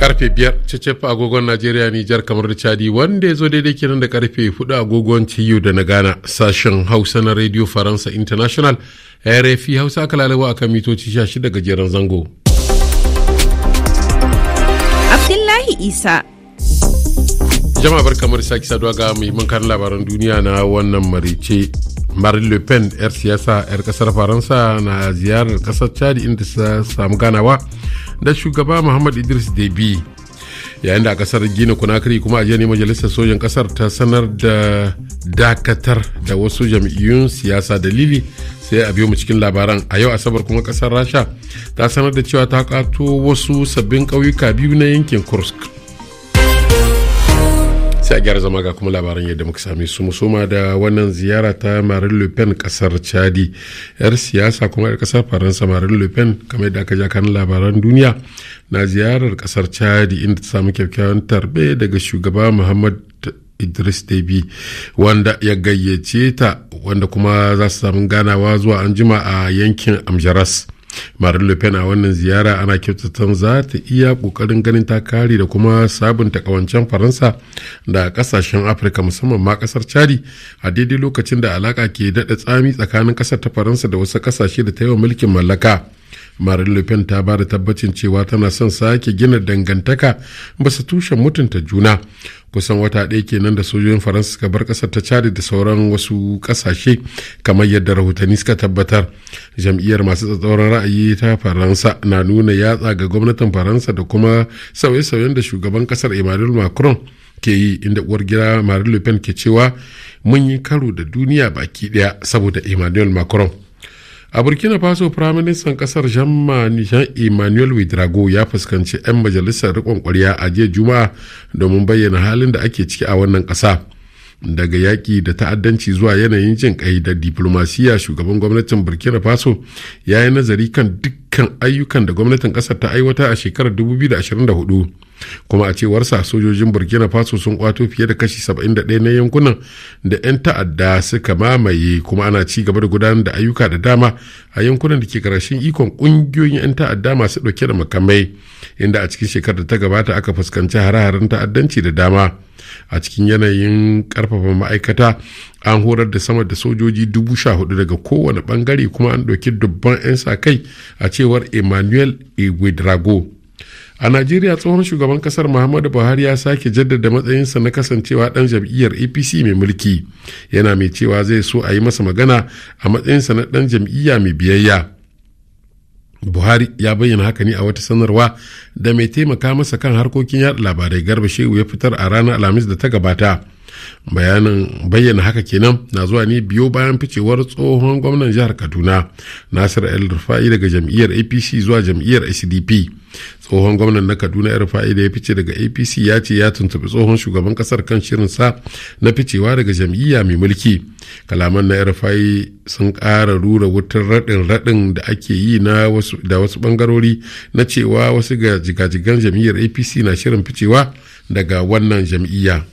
karfe biyar cicif agogon najeriya nijar kamar da chadi wanda ya zo daidai kenan da karfe hudu agogon tiyu da na ghana sashen hausa na radio faransa international rfi hausa aka lalawa akan mitoci 16 gajeren zango abdullahi isa jama'a bar kamar sake saduwa ga mai karin labaran duniya na wannan marice marie le pen yar siyasa yar kasar faransa na ziyarar kasar chad inda ta samu ganawa da shugaba muhammad idris debi yayin da a kasar gina kunakiri kuma a ne majalisar sojan kasar ta sanar da dakatar da wasu jam'iyyun siyasa dalili sai a biyo mu cikin labaran a yau asabar kuma kasar rasha ta sanar da cewa ta kato wasu sabbin ƙauyuka biyu na yankin kursk sai a gyara zama ga kuma labaran yadda muka sami su soma da wannan ziyara ta marin le pen kasar chadi yar siyasa kuma yar kasar faransa marin le pen kamar yadda aka ja labaran duniya na ziyarar kasar chadi inda ta samu kyakkyawan tarbe daga shugaba muhammad idris debi wanda ya gayyace ta wanda kuma za su samu ganawa zuwa anjima a yankin amjaras. marin le pen a wannan ziyara ana kyautatan za ta iya kokarin ganin ta kare da kuma sabunta kawancen faransa da kasashen afirka musamman ma kasar chadi a daidai lokacin da alaka ke daɗa tsami tsakanin kasar ta faransa da wasu kasashe da ta yi wa mulkin mallaka Marine Le Pen ta ba da tabbacin cewa tana son sake gina dangantaka basu tushen mutunta juna. Kusan wata ɗaya kenan da sojojin Faransa suka bar ƙasar ta cari da sauran wasu ƙasashe kamar yadda rahotanni suka tabbatar. Jam'iyyar masu tsatsauran ra'ayi ta Faransa na nuna yatsa ga gwamnatin Faransa da kuma sauye-sauyen da shugaban ƙasar Emmanuel Macron ke yi inda uwar gida Marine Le Pen ke cewa mun yi karo da duniya baki ɗaya saboda Emmanuel Macron. a burkina faso firaministan kasar jean emmanuel widrago ya fuskanci 'yan majalisar rikon kwarya a jiya juma'a domin bayyana halin da ake ciki a wannan kasa daga yaƙi da ta'addanci zuwa yanayin jin ƙai da diplomasiya shugaban gwamnatin burkina faso ya yi nazari kan dukkan ayyukan da gwamnatin ƙasar ta aiwata a shekarar 2024 kuma a cewarsa sojojin burkina faso sun kwato fiye da kashi 71 na yankunan da 'yan ta'adda suka mamaye kuma ana ci gaba da gudanar da ayyuka da dama a yankunan da ke karashin ikon kungiyoyin 'yan ta'adda masu dauke da makamai inda a cikin shekarar da ta gabata aka fuskanci hare-haren ta'addanci da dama a cikin yanayin karfafa ma'aikata an horar da sama da sojoji dubu sha hudu daga kowane bangare kuma an ɗauki dubban 'yan sa kai a cewar emmanuel iguedrago a najeriya tsohon shugaban kasar muhammadu buhari ya sake jaddada matsayinsa na kasancewa dan jam'iyyar apc mai mulki yana mai cewa zai so a yi masa magana a matsayinsa na dan jam'iyya mai biyayya buhari ya bayyana haka ne a wata sanarwa da mai taimaka masa kan harkokin yaɗa labarai garba shehu ya fitar a ranar alhamis da ta gabata bayanin bayyana haka kenan na zuwa ne biyo bayan ficewar tsohon gwamnan jihar kaduna nasir el rufa'i daga jam'iyyar apc zuwa jam'iyyar sdp tsohon gwamnan na kaduna el rufa'i da ya fice daga apc ya ce ya tuntuɓi tsohon shugaban kasar kan shirinsa na ficewa daga jam'iyya mai mulki kalaman na el rufa'i sun ƙara rura wutar raɗin raɗin da ake yi na wasu da wasu ɓangarori na cewa wasu ga jigajigan jam'iyyar apc na shirin ficewa daga wannan jam'iyya.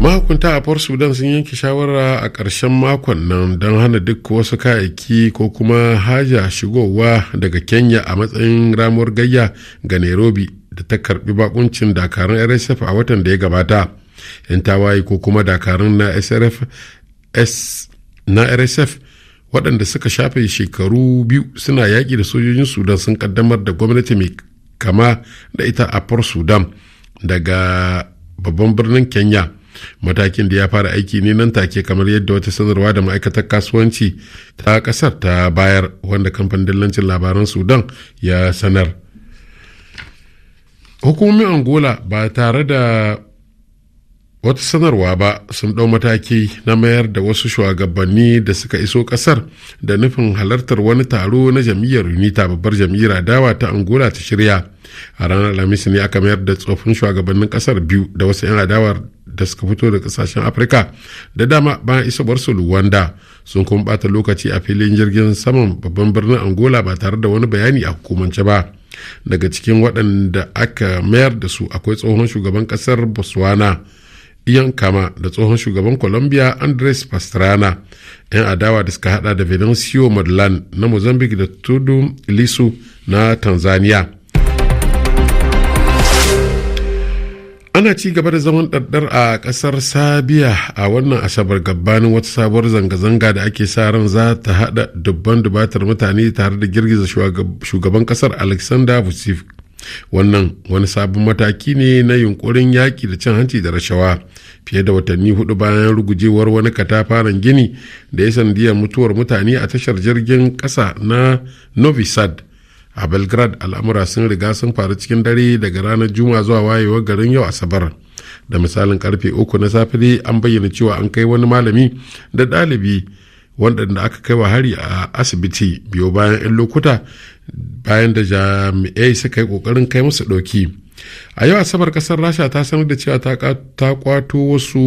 mahukunta a port sudan sun yanke shawara a ƙarshen makon nan don hana duk wasu kayayyaki ko kuma haja shigowa daga kenya a matsayin ramuwar gayya ga nairobi da ta karbi bakuncin dakarun rsf a watan da ya gabata yan tawaye ko kuma dakarun na srf na rsf waɗanda suka shafe shekaru biyu suna yaƙi da sojojin sudan sun kaddamar da gwamnati mai kama da ita a port sudan daga babban birnin kenya matakin da ya fara aiki ne nan take kamar yadda wata sanarwa da ma'aikatar kasuwanci ta kasar ta bayar wanda kamfanin dillancin labaran sudan ya sanar hukumomin angola ba tare da wata sanarwa ba sun ɗau mataki na mayar da wasu shugabanni da suka iso ƙasar da nufin halartar wani taro na jam'iyyar unita babbar jam'iyyar adawa ta angola ta shirya a ranar alhamis ne aka mayar da tsofin shugabannin kasar biyu da wasu 'yan adawar da suka fito da kasashen afirka da dama bayan su luwanda sun kuma bata lokaci a filin jirgin saman babban birnin angola ba tare da wani bayani a hukumance ba daga cikin waɗanda aka mayar da su akwai tsohon shugaban ƙasar botswana iyan kama da tsohon shugaban colombia andres pastrana 'yan adawa da suka hada da venancio madlan na mozambique da tudu lisu na tanzania ana ci gaba da zaman ɗaɗɗar a ƙasar sabiya a wannan asabar gabanin wata sabuwar zanga-zanga da ake sa ran za ta haɗa dubban dubatar mutane tare da girgiza shugaban ƙasar alexander vucic wannan wani sabon mataki ne na yunkurin yaƙi da cin hanci da rashawa fiye da watanni hudu bayan rugujewar wani katafaren gini da ya sanadiyar mutuwar mutane a tashar jirgin ƙasa na novi sad a belgrade al'amura sun riga sun faru cikin dare daga ranar juma zuwa wayewa garin yau asabar da misalin karfe uku na safe dai an bayyana cewa an kai wani malami da ɗalibi waɗanda aka kai wa hari a asibiti biyo bayan 'yan lokuta bayan da jami'ai suka yi ƙoƙarin kai musu ɗauki a yau asabar ƙasar rasha ta sanar da cewa ta kwato wasu